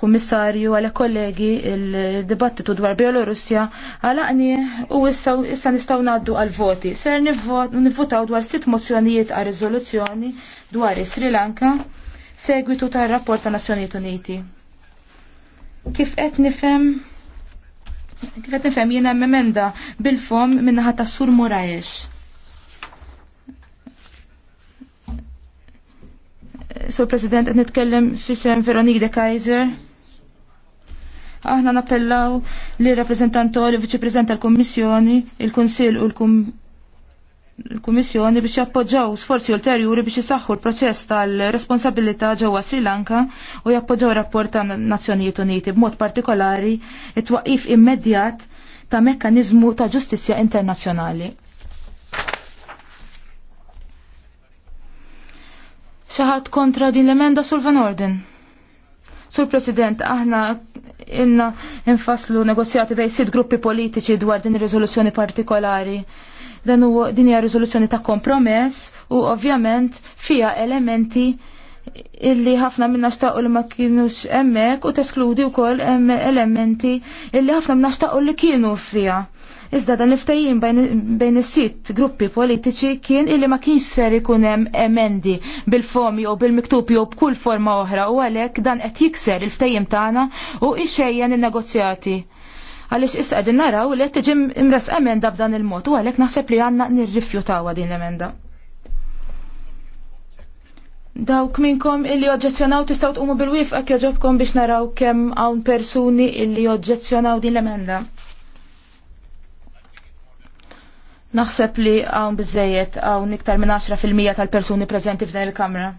kummissarju għal kollegi il-dibattitu dwar għal għalaqni u issa, nistaw naddu għal voti. Ser nivvotaw dwar sitt mozzjonijiet għal riżoluzzjoni dwar Sri Lanka segwitu tar rapport ta' Nazzjonijiet Uniti. Kif qed nifhem kif qed nifhem jiena memenda bil-fom minnaħa ta' Sur Murajex. Sur President qed nitkellem fisem Veronique de Kaiser. Aħna nappellaw li rappresentantori viċi prezident tal-Kommissjoni, il-Kunsil u l-Kummissjoni biex jappoġġaw sforzi ulterjuri biex jisaxħu l-proċess tal-responsabilità ġewwa Sri Lanka u jappoġġaw rapport ta' Nazzjonijiet Uniti b'mod partikolari it-twaqif immedjat ta' mekkanizmu ta' ġustizzja internazzjonali. Xaħat kontra din l-emenda sul-Van Orden. Sur President, aħna inna infaslu negozjati bej sit gruppi politiċi dwar din riżoluzzjoni partikolari. Dan u din hija riżoluzzjoni ta' kompromess u ovvjament fija elementi illi ħafna minna xtaqqu li ma kienux emmek u teskludi u koll elementi illi ħafna minna xtaqqu li kienu fija. Iżda dan l bejn is-sitt gruppi politiċi kien illi ma kienx ser ikun hemm emendi bil-fomi u bil-miktubi u b'kull forma oħra u għalhekk dan qed jikser il ftajim tagħna u xejjen in-negozjati. Għaliex issa qegħdin naraw li qed tiġi imres emenda b'dan il-mod u għalhekk naħseb li għandna nirrifjutawha din l-emenda. Dawk minnkom illi oġġezzjonaw tistaw tqumu bil ak kjoġobkom biex naraw kemm hawn persuni illi oġġezzjonaw din l-emenda. Naħseb li hawn bizzejiet hawn iktar minn 10% tal-persuni preżenti f'dan il-kamra.